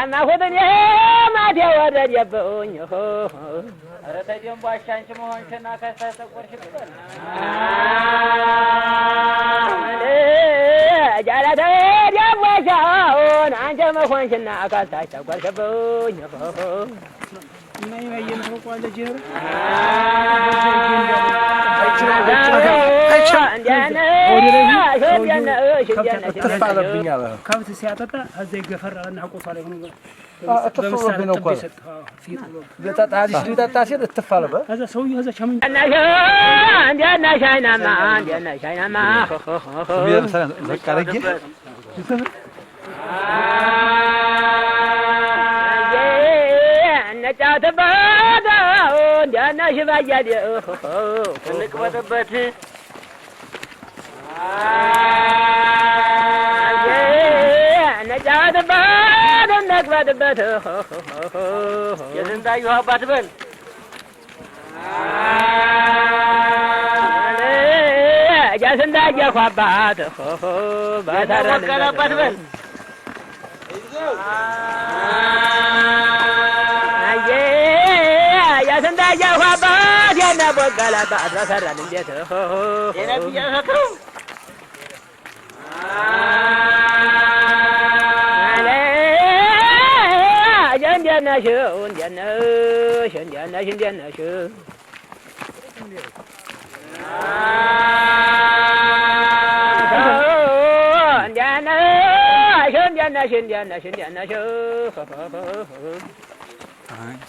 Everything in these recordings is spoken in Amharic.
ያማሁትን ማቴ ወረደብኝ። ኧረ ተጀምቦ አሻንቺ መሆንሽና ከስተጠቆርሽ ቅበል ጃለተ ደቦሻውን አንቺ መሆንሽና ከስተጠቆርሽብኝ ከብት ሲያጠጣ እዛ ይገፈር አለና ቆቷ ላይ ጠጣ ሲል እትፍ አለበት። ተጫወተበት እንዲያና ሽባ እያለ እንቅበጥበት ነጫወትበት እንቅበጥበት የስንታየሁ አባት በል የስንታየሁ አባት በል በል ገለባ አብራ ሰራን። እንዴት ነብያኸው እንዴት ነሽ? እንዴት ነሽ? እንዴት ነሽ? እንዴት ነሽ? ነሽ እንዴት ነሽ እንዴት ነሽ አንቺ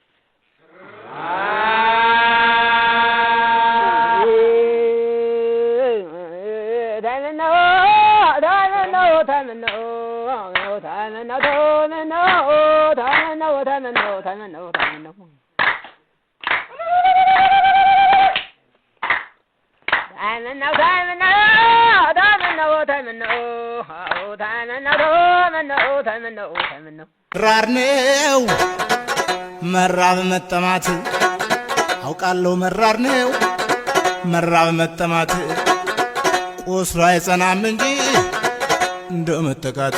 Diamond, no, diamond, no, ራር ነው መራብ መጠማት አውቃለሁ መራር ነው መራብ መጠማት ቁስሉ አይጸናም እንጂ እንደ መጠቃት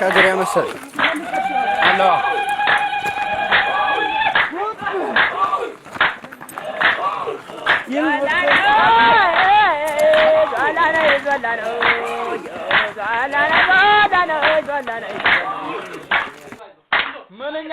شادر يا مسل الله ምንኛ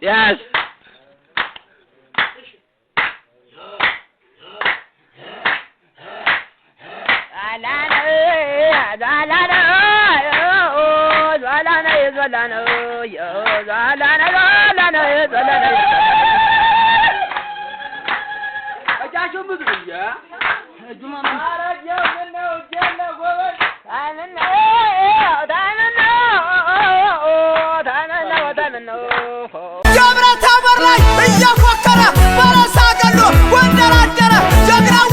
Yes. ታበር ላይ እያፎከረ በረሳ ገሎ ጎንደር አደረ ጀግናው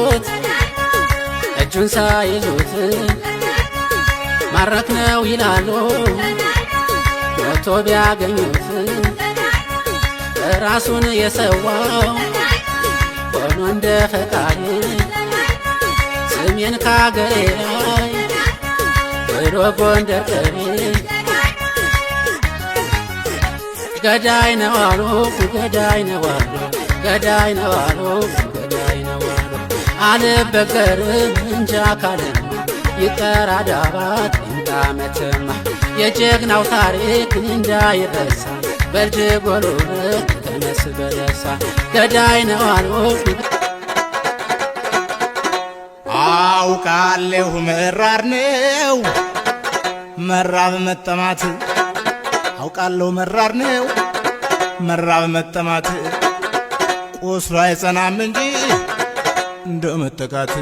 ሲያነሱት እጁን ሳይዙት ማረክ ነው ይላሉ። ሞቶ ቢያገኙት ራሱን የሰዋው ሆኖ እንደ ፈቃድ ስሜን ካገሬ ላይ ብሎ ጎንደር ቀሪ ገዳይ ነው አሉ ገዳይ ነው አሉ ገዳይ ነው አሉ አልበገር እንጃ ካለማ ይቀር አዳባት እንዳመተማ የጀግናው ታሪክ እንዳይረሳ በልጅ ጎሎነ ተነስ በለሳ ገዳይ ነዋኖች አውቃለሁ መራር ነው መራብ መጠማት አውቃለሁ መራር ነው መራብ መጠማት ቁስሉ አይጸናም እንጂ እንደ መጠቃት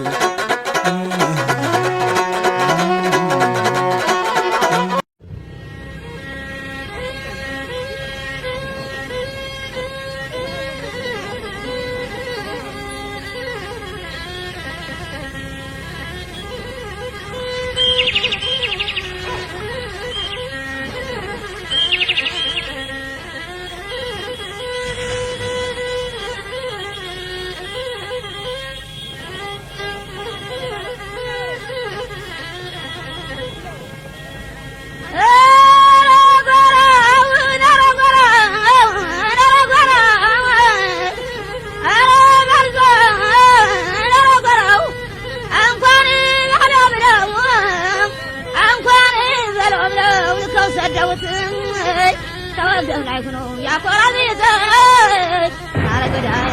የሰደቡትም ተወገብ ላይ ሆኖ አረገዳይ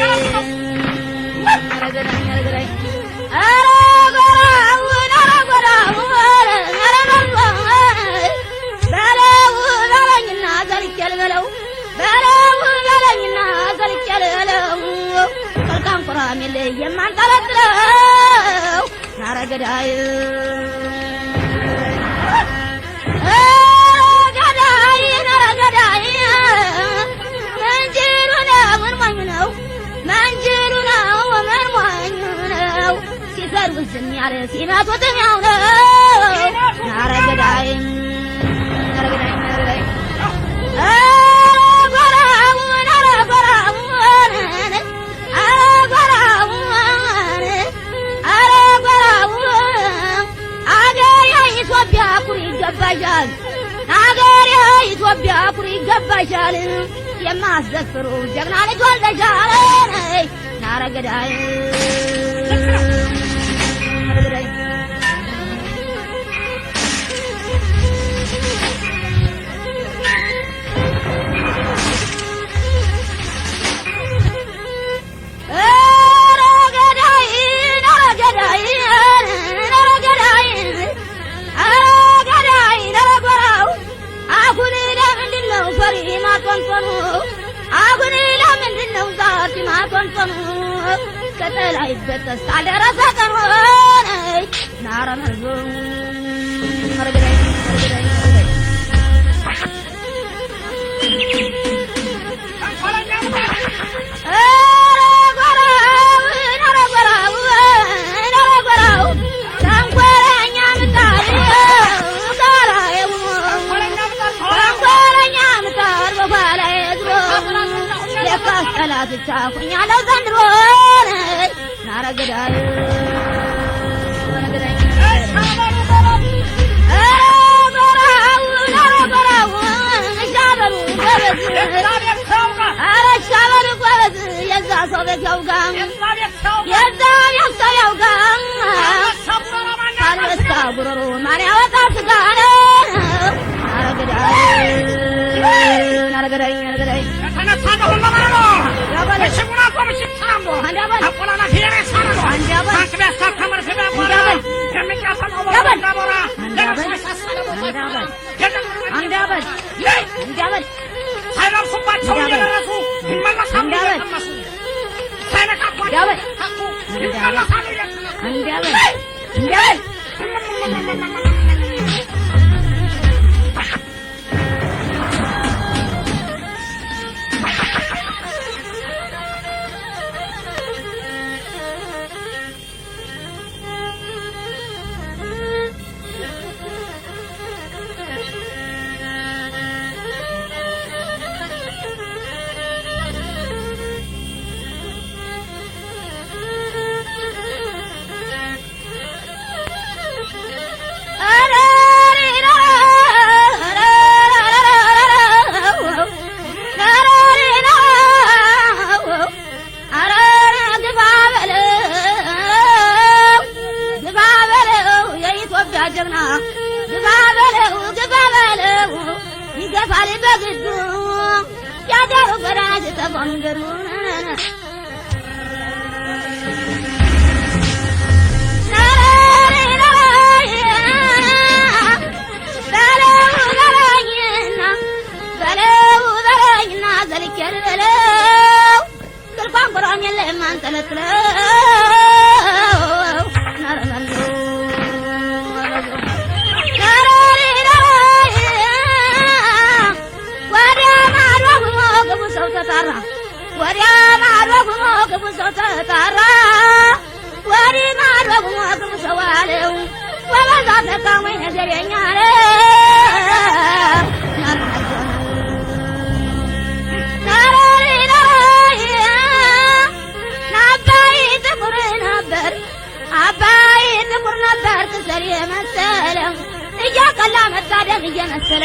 ሰው እንደ የማንጠለጥለው ናረገዳይ ገዳይ ናረገዳይ መንጅሩ ነው መንማኙ ነው መንጅሩ ቁመን ሞኝ ነው ሲዘሩ ዝም ያለ ሲመቱትም ያው ነው። ኧረ ገዳይም ኧረ ገዳይም ኧረ ገዳይም አጎራውን አጎራውን አጎራውን አጎራውን አገሬ ኢትዮጵያ ኩሪ ይገባሻል። አገሬ ኢትዮጵያ ኩሪ ይገባሻል። የማዘፍሩ ጀግና ልጅ ወልደሻል። Aragadaal. ብቻ ሁኛለ ዘንድሮ ናረግዳይ የዛ ሰው ቤት ያውጋ የዛ ቤት ሰው ያውጋ አንበሳ ጉሮሮ ማን ያወጣ ስጋ ነው ናረግዳይ ናረግዳይ ናረግዳይ ተነሳ ደሆን በማራ komishin sanambo akola na hiere sanambo hakbe sa kamar feba bora kemme ka fa no bora na bora Andabat. Andabat. Saya nak sempat cuma dia rasu. Himmalah sama dia masuk. Saya nak aku. Andabat. Aku. Himmalah sama dia. Andabat. Andabat. ግፋ በለው ግፋ በለው ይገፋል በግዱ ያደሩ ገዳጅ ተቆንገሩ ዘልኬ ልበለው ስልኳን ቁራም የለ የማንጠለጥለው ተጣራ ወዲያ ማዶ ጉሞ ክፉ ሰው ተጣራ ወዲ ማዶ ጉሞ ክፉ ሰው አለው ወበዛ ተካሞኝ ነገረኛ አለ አባይ ጥቁር ነበር ትሰሪ የመሰለው እያቀላ መታደግ እየመሰለ